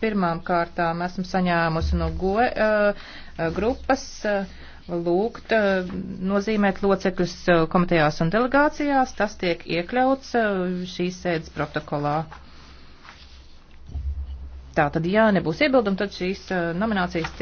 Pirmām kārtām esmu saņēmusi no GOE uh, grupas uh, lūgt uh, nozīmēt locekļus uh, komitejās un delegācijās. Tas tiek iekļauts uh, šīs sēdes protokolā. Tā tad, ja nebūs iebildumi, tad šīs uh, nominācijas tiks.